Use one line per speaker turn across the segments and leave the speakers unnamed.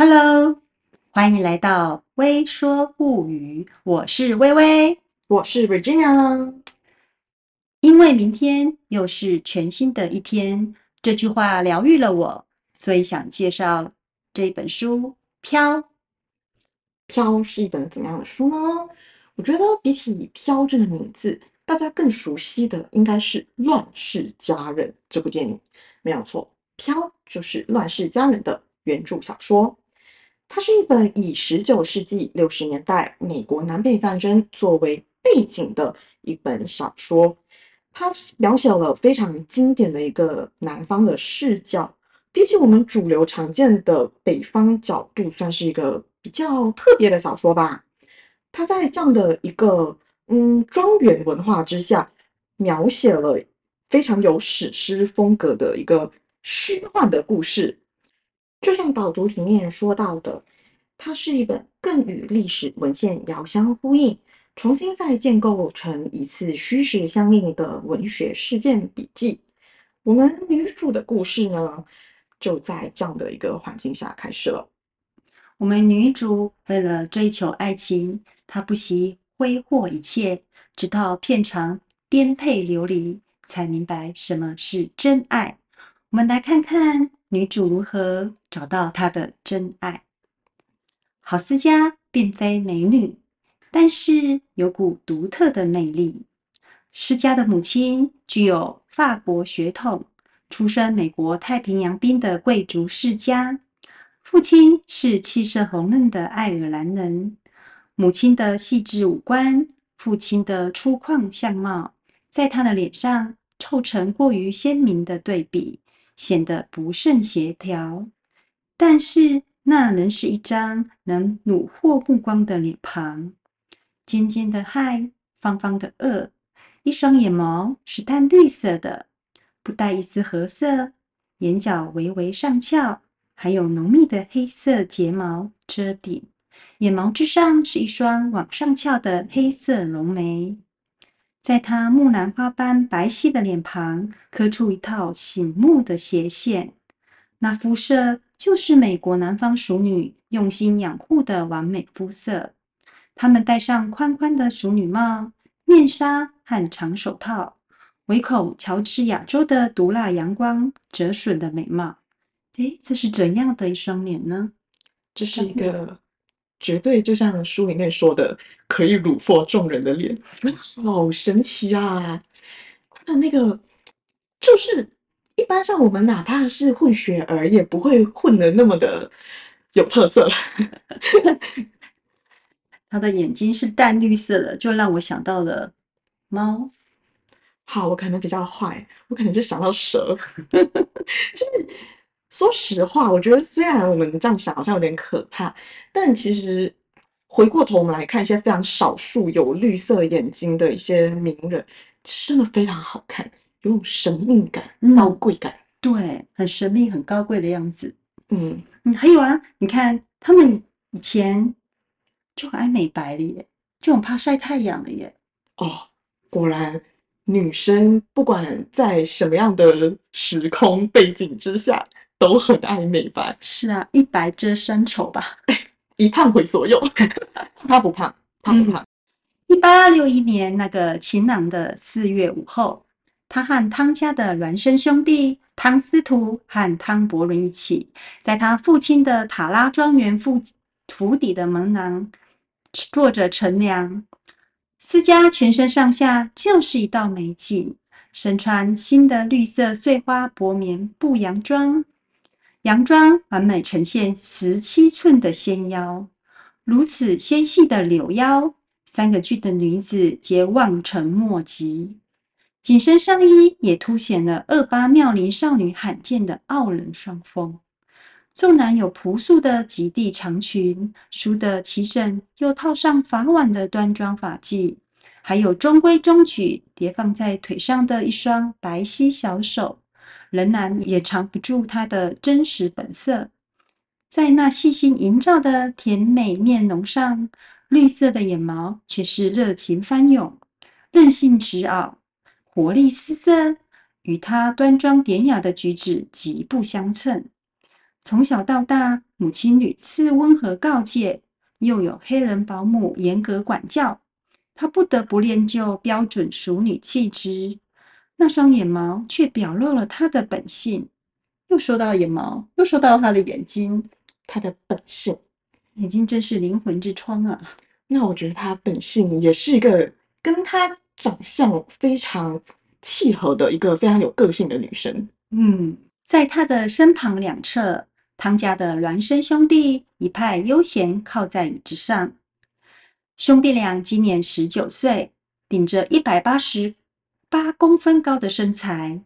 Hello，歡迎來到微說物語。我是微微，我是 Virginia。因為明天又是全新的一天，這句話療癒了我，所以想介紹這本書《飄》。《飄》是一本怎樣的書呢？
我覺得比起《飄》這個名字，大家更熟悉的應該是《亂世佳人》這部電影。沒有錯，《飄》就是《亂世佳人》的原著小說。它是一本以十九世紀六十年代美國南北戰爭作為背景的一本小說，它描寫了非常經典的一個南方的視角，比起我們主流常見的北方角度，算是一個比較特別的小說吧。它在這樣的一個嗯莊園文化之下，描寫了非常有史詩風格的一個虛幻的故事。就像導讀裡面說到的，它是一本更與歷史文獻遙相呼應，重新再建構成一次虛實相應的文學事件筆記。我們女主的故事呢，就在這樣的一個環境下
開始了。我們女主為了追求愛情，她不惜揮霍一切，直到片場顛沛流離，才明白什麼是真愛。我們來看看。女主如何找到她的真愛？郝思嘉並非美女，但是有股獨特的魅力。思嘉的母親具有法國血統，出身美國太平洋邊的貴族世家；父親是氣色紅潤的愛爾蘭人。母親的細緻五官，父親的粗獷相貌，在她的臉上湊成過於鮮明的對比。顯得不甚協調，但是那仍是一張能虜獲目光的臉龐。尖尖的頦，方方的顎，一雙眼眸是淡綠色的，不帶一絲褐色，眼角微微上翹，還有濃密的黑色睫毛遮頂，眼毛之上是一雙往上翹的黑色濃眉。在她木蘭花般白皙的臉龐刻出一套醒目的斜線，那膚色就是美國南方淑女用心養護的完美膚色。她們戴上寬寬的淑女帽、面紗和長手套，唯恐喬治亞州的毒辣陽光折損的美貌。誒，這是怎樣的一雙臉呢？這是一個。絕對就像書裡面說的，可以
虜獲眾人的臉，好神奇啊！他的那個就是一般上我們哪怕是混血兒，也不會混得那麼的有特色了。
他的眼睛是淡綠色的，就讓我想到了貓。好，我可能比較壞，
我可能就想到蛇， 就是。說實話，我覺得雖然我們這樣想好像有點可怕，但其實回過頭我們來看一些非常少數有綠色眼睛的一些名人，真的非常好看，有種神
秘感、高、嗯、貴感，對，很神秘、很高貴的樣子。嗯嗯，還有啊，你看他們以前就很愛美白了耶，就很怕曬太陽了耶。哦，果然女生不管在
什麼樣的時空背景之下。都很愛美白。是啊，一
白遮三醜吧。欸、一胖毀所有。他 不胖，他不胖。一八六一年那個晴朗的四月午後，他和湯家的孿生兄弟湯司徒和湯伯倫一起，在他父親的塔拉莊園府府邸的門廊坐着乘涼。思嘉全身上下就是一道美景，身穿新的綠色碎花薄棉布洋裝，洋裝完美呈現十七寸的纖腰，如此纖細的柳腰，三個郡的女子皆望塵莫及。緊身上衣也凸顯了二八妙齡少女罕見的傲人雙峰。縱然有樸素的及地長裙，梳的齊整又套上髮網的端莊髮髻，還有中規中矩疊放在腿上的一雙白皙小手。仍然也藏不住她的真實本色，在那細心營造的甜美面容上，綠色的眼眸卻是熱情翻湧、任性執拗、活力四射，與她端莊典雅的舉止極不相稱。從小到大，母親屢次溫和告誡，又有黑人保姆嚴格管教，她不得不練就標準淑女氣質。那雙眼毛卻表露了他的本性，又說到眼毛，又說到他的眼睛，他的本性，眼睛真是靈魂之窗啊！那我覺得他本性
也是一個跟他長相非常契合的一個非常有
個性的女生。嗯，在他的身旁兩側，湯家的孿生兄弟一派悠閒，靠在椅子上。兄弟倆今年十九歲，頂着一百八十八公分高的身材，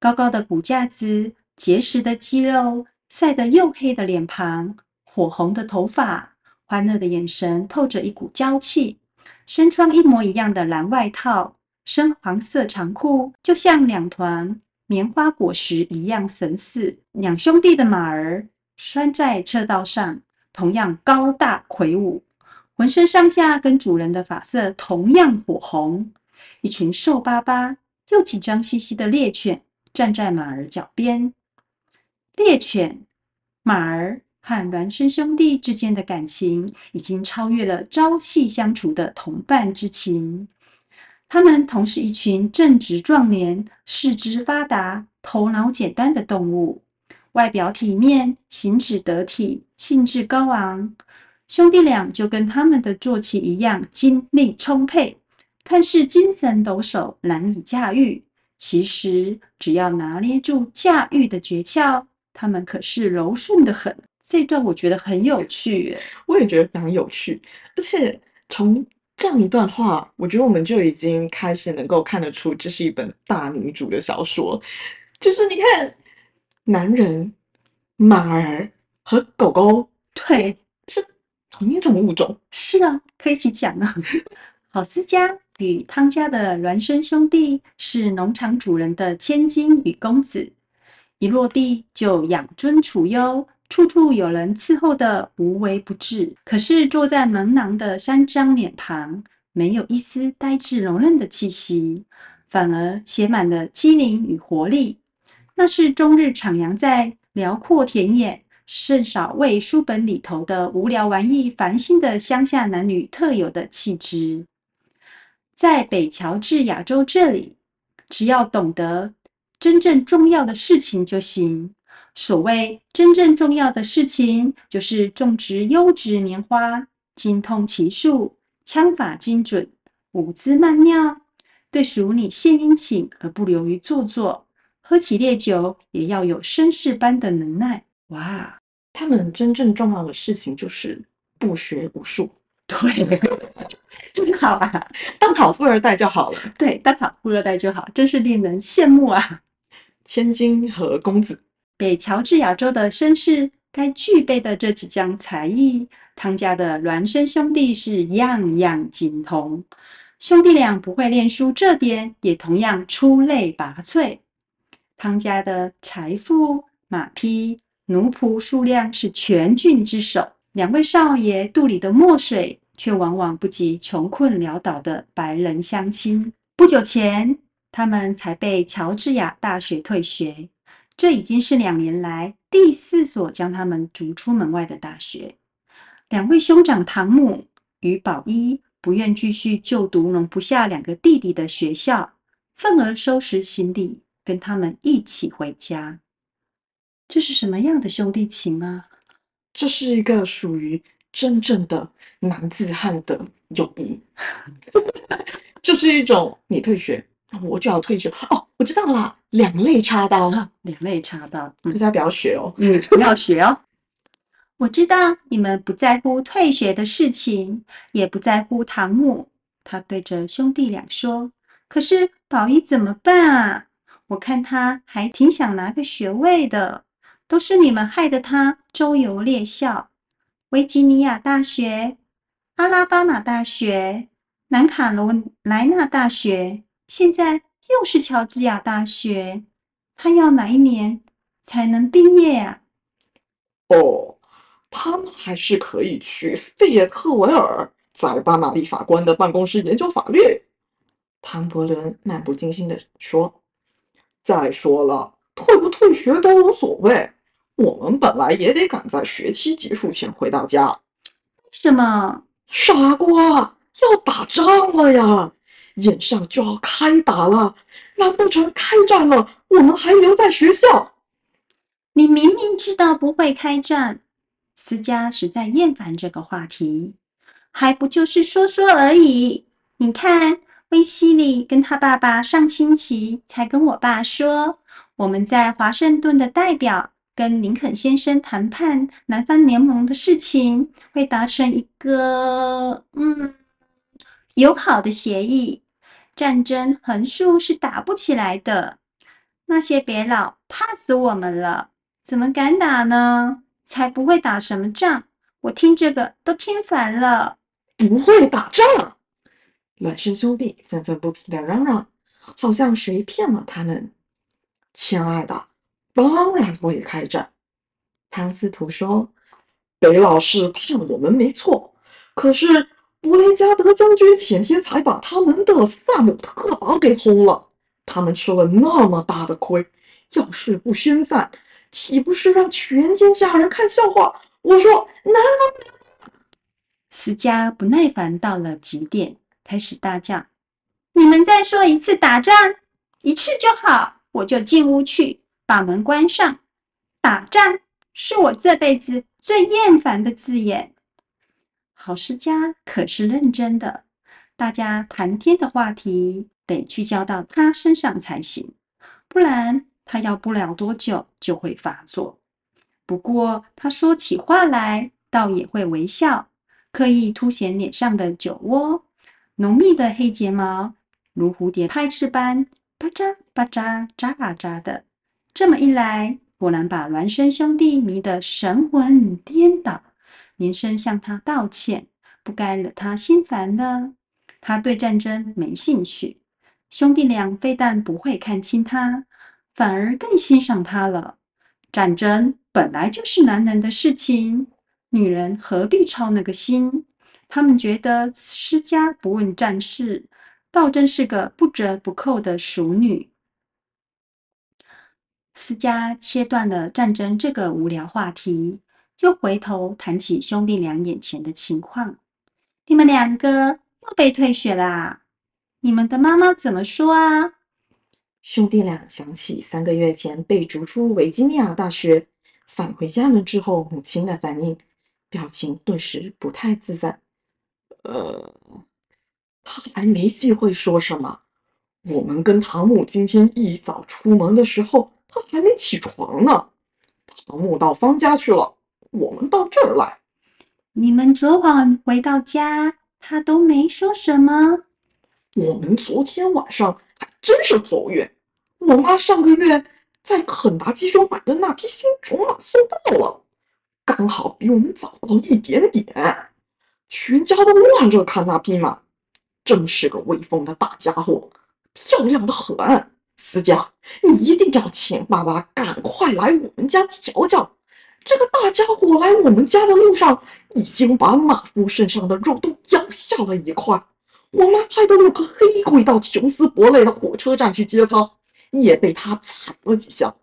高高的骨架子，結實的肌肉，曬得黝黑的臉龐，火紅的頭髮，歡樂的眼神透着一股嬌氣。身穿一模一樣的藍外套、深黃色長褲，就像兩團棉花果實一樣神似。兩兄弟的馬兒拴在車道上，同樣高大魁梧，渾身上下跟主人的髮色同樣火紅。一群瘦巴巴又緊張兮兮的獵犬站在馬兒腳邊。獵犬、馬兒和孿生兄弟之間的感情已經超越了朝夕相處的同伴之情。他們同是一群正值壯年、四肢發達、頭腦簡單的動物，外表體面、行止得體、興致高昂。兄弟倆就跟他們的坐騎一樣，精力充沛。看似精神抖擻，難以駕馭，其實只要拿捏住駕馭的訣竅，他們可是柔順得很。這一段我覺得很有趣。欸，我也覺得非常有趣。而且從
這樣一段話，我覺得我們就已經開始能夠看得出，這是一本大女主的小說。就是你看，男人、馬兒
和狗狗，對，是同一種物種。是啊，可以一起講啊。 郝思嘉。與湯家的孿生兄弟是農場主人的千金與公子，一落地就養尊處優，處處有人伺候得無微不至。可是坐在門廊的三張臉龐，沒有一絲呆滯柔嫩的氣息，反而寫滿了機靈與活力。那是終日徜徉在遼闊田野，甚少為書本裡頭的無聊玩意煩心的鄉下男女特有的氣質。在北喬治亞州這裡，只要懂得真正重要的事情就行。所謂真正重要的事情，就是種植優質棉花，精通騎術，槍法精準，舞姿曼妙，對熟女獻殷勤而不流於做作，作，喝起烈酒也要有紳士般的能耐。哇，他們真正重要的事情就是不學無術。對，真好啊！ 當好富二代就好了。 對，當好富二代就好，真是令人羨慕啊！千金和公子，北喬治亞州的紳士該具備的這幾項才藝，湯家的孿生兄弟是樣樣精通。兄弟倆不會念書這點，也同樣出類拔萃。湯家的財富、馬匹、奴僕數量是全郡之首。兩位少爺肚裡的墨水，卻往往不及窮困潦倒的白人鄉親。不久前，他們才被喬治亞大學退學，這已經是兩年來第四所將他們逐出門外的大學。兩位兄長湯姆與寶一不願繼續就讀容不下兩個弟弟的學校，憤而收拾行李，跟他們一起回家。這是什麼樣的兄弟情啊？這是一個屬於真正的男子漢的友誼，意義
就是一種你退學，我就要退學。哦，我知道
了，兩肋插刀了，兩肋插刀。大家不要學哦，嗯， 不要學哦。我知道你們不在乎退學的事情，也不在乎堂木。他對着兄弟倆說：“可是寶玉怎麼辦啊？我看他還挺想拿個學位的。”都是你們害得他周遊列校，維吉尼亞大學、阿拉巴馬大學、南卡羅來納大學，現在又是喬治亞大學，他要哪一年才能畢業啊？
哦，他們還是可以去費耶特維爾，在巴馬利法官的辦公室研究法律。”唐伯倫漫不經心地說。“再說了，退不退學都無所謂。”我們本來也得趕在學期結束前回到家。為什麼？傻瓜，要打
仗了呀！晚上就要開打了，難不成開戰了，我們還留在學校？你明明知道不會開戰。思嘉實在厭煩這個話題，還不就是說說而已。你看，衛希禮跟他爸爸上星期才跟我爸說，我們在華盛頓的代表。跟林肯先生談判南方聯盟的事情，會達成一個嗯友好的協議，戰爭橫豎是打不起來的。那些北佬怕死我們了，怎麼敢打呢？才不會打什麼仗！我聽這個都聽煩了，不會打仗。
孿生兄弟憤憤不平的嚷嚷，好像誰騙了他們。親愛的。當然會開戰，唐斯圖說：“北佬是騙我們沒錯，可是布雷加德將軍前天才把他們的薩姆特堡給轟了，他們吃了那麼大的虧，要是不宣戰，豈不是讓全天下人看笑話？”
我說：“南方。”思嘉不耐煩到了極點，開始大叫：“你們再說一次，打仗一次就好，我就進屋去。”把門關上。打仗是我這輩子最厭煩的字眼。郝思嘉可是認真的，大家談天的話題得聚焦到他身上才行，不然他要不了多久就會發作。不過他說起話來倒也會微笑，刻意凸顯臉上的酒窩，濃密的黑睫毛如蝴蝶拍翅般，吧嗒吧嗒眨啊眨的。這麼一來，果然把孿生兄弟迷得神魂顛倒。連聲向他道歉，不該惹他心煩呢，他對戰爭沒興趣，兄弟倆非但不會看輕他，反而更欣賞他了。戰爭本來就是男人的事情，女人何必操那個心？他們覺得思嘉不問戰事，倒真是個不折不扣的淑女。思嘉切斷了戰爭這個無聊話題，又回頭談起兄弟倆眼前的情況：“你們兩個又被退學啦？你們的媽媽怎麼說啊？”兄弟倆
想起三個月前被逐出維吉尼亞大學，返回家門之後母親的反應，表情頓時不太自在。呃，他還沒機會說什麼。我們跟湯姆今天一早出
門的時候。他還沒起床呢。桃木到方家去了，我們到這兒來。你們昨晚回到家，他都沒說什麼？我們昨天晚上還真是走運。我媽
上個月在肯塔基州買的那匹新種馬送到了，剛好比我們早到一點點。全家都望着看那匹馬，啊，真是個威風的大傢伙，漂亮的很。思嘉，你一定要請爸爸趕快來我們家瞧瞧。這個大家伙來我們家的路上，已經把馬夫身上的肉都咬下了一塊。我媽派的六個黑鬼到瓊斯博雷的火車站去接他，也被他踩了幾下。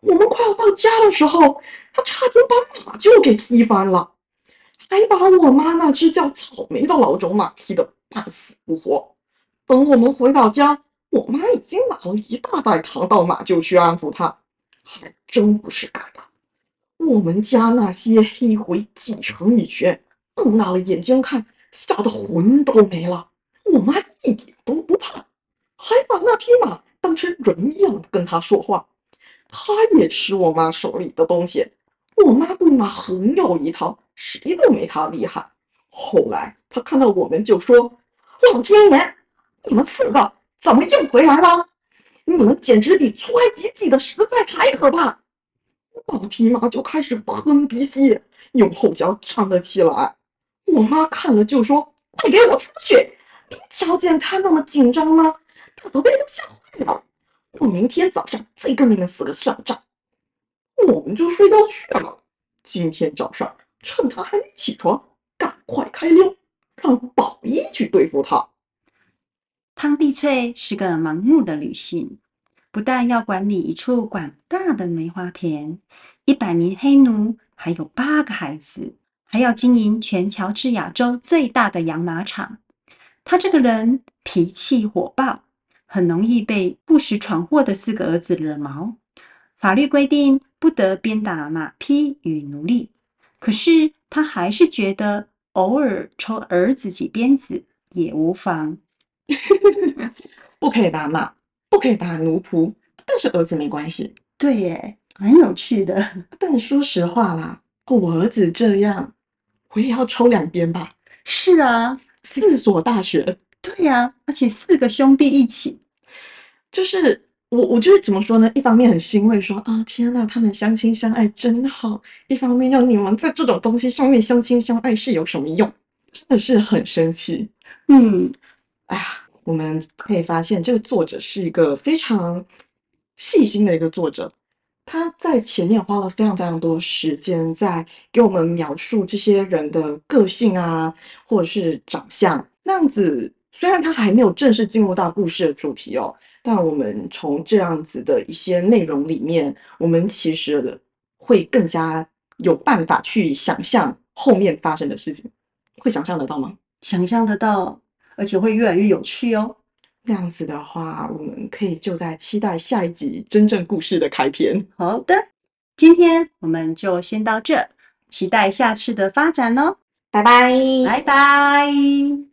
我們快要到家的時候，他差點把馬廄給踢翻了，還把我媽那隻叫草莓的老種馬踢得半死不活。等我們回到家。我媽已經拿了一大袋糖到馬廄去安撫它，還真不是蓋的。我們家那些黑鬼擠成一圈，瞪大了眼睛看，嚇得魂都沒了。我媽一點都不怕，還把那匹馬當成人一樣跟他說話。他也吃我媽手裡的東西。我媽對馬很有一套，誰都沒他厲害。後來他看到我們就說：“老天爺，你們四個！”怎麼又回來了？你們簡直比川籍的實在還可怕！八匹馬就開始噴鼻息，用後腳站了起來。我媽看了就說：“快給我出去！你瞧見他那麼緊張嗎？大都被他嚇壞了。我明天早上再跟你們四個算賬。”我們就睡覺去了。今天早
上趁他還沒起床，趕快開溜，讓寶一去對付他。湯碧翠是個盲目的女性，不但要管理一處廣大的梅花田、一百名黑奴，還有八個孩子，還要經營全喬治亞州最大的養馬場。她這個人脾氣火爆，很容易被不時闖禍的四個兒子惹毛。法律規定不得鞭打馬匹與奴隸，可是她還是覺得偶爾抽兒子幾鞭子也無妨。 不可以打罵，不可以打奴僕，但是
兒子沒關係。對耶，蠻有趣的。但說實話啦，我兒子這樣，我也要抽兩鞭吧。是啊，四所大學。對呀、啊，而且四個兄弟一起，就是我，我就是怎麼說呢？一方面很欣慰說，說、哦、啊，天哪，他們相親相愛真好。一方面，讓你們在這種東西上面相親相愛是有什麼用？真的是很生氣。嗯，哎呀。我們可以發現，這個作者是一個非常細心的一個作者，他在前面花了非常非常多時間，在給我們描述這些人的個性啊，或者是長相。那樣子，雖然他還沒有正式進入到故事的主題哦，但我們從這樣子的一些內容裡面，我們其實會更加有辦法去想象後面發生的事情。會想象得到嗎？想象得到。而且會越來越有趣哦，這樣子的話，我們可以就在期待下一集
真正故事的開篇。好的，今天我們就先到這，期待下次的發展哦，拜拜，拜拜。